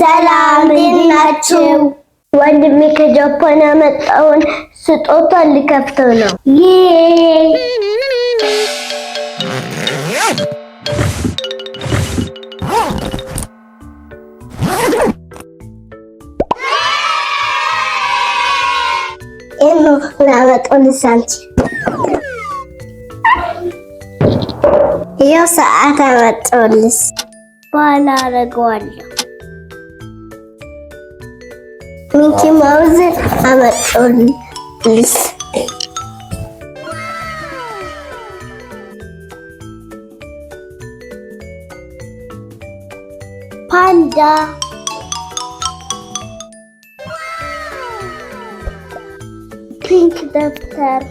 ሰላም ናችሁ። ወንድሜ ከጃፓን ያመጣውን ስጦታ ልከፍተው ነው። ይሄ ነው ላመጣው ልሳንቺ ይኸው ሰዓት አመጣሁልሽ፣ በኋላ አደርገዋለሁ። ሚኪ ማውዝን አመጣሁልሽ። ፓንዳ ፒንክ ደብተር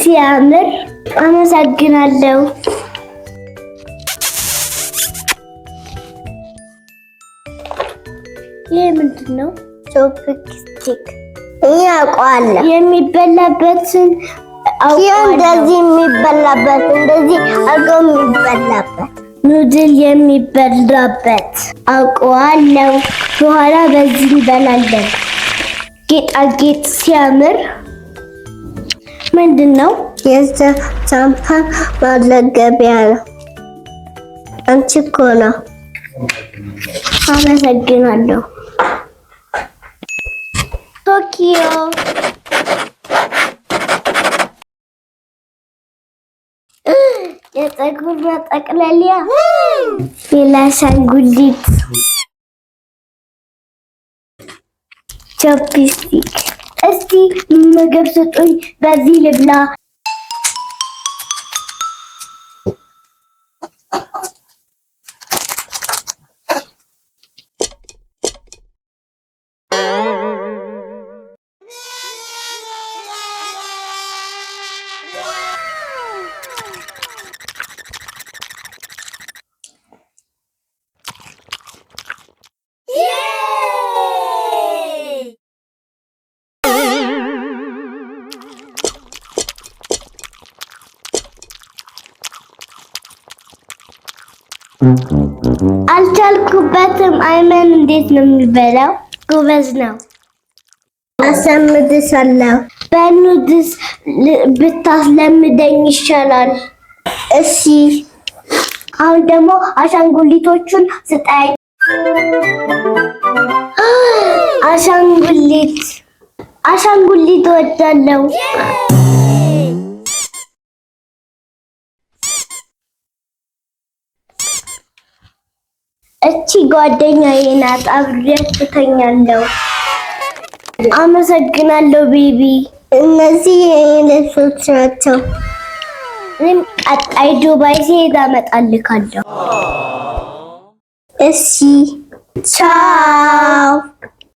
ሲያምር! አመሰግናለሁ። ይህ ምንድን ነው? ቾፕስቲክ አውቀዋለሁ። የሚበላበትን እንደዚህ የሚበላበት እንደዚህ አድርገው የሚበላበት ኑድል የሚበላበት አውቀዋለሁ። በኋላ በዚህ እንበላለን። ጌጣጌጥ ሲያምር ምንድን ነው? የሳምፓን ማለገቢያ ነው። አንቺ እኮ ነው። አመሰግናለሁ። ቶኪዮ የፀጉር መጠቅለያ ሌላ አሻንጉሊት እስቲ ምግብ ስጡኝ፣ በዚህ ልብላ። አልቻልኩበትም። አይመን እንዴት ነው የሚበላው? ጎበዝ ነው። አለው በኑድስ ብታስለምደኝ ይሻላል። እሺ። አሁን ደግሞ አሻንጉሊቶቹን ስጣይ። አሻንጉሊት አሻንጉሊት ወዳለው እቺ ጓደኛዬ ናት፣ አብሬያት እተኛለሁ። አመሰግናለሁ ቤቢ። እነዚህ የኔ ልብሶች ናቸው። እኔም ቀጣይ ዱባይ ሲሄድ አመጣልካለሁ። እሺ ቻው።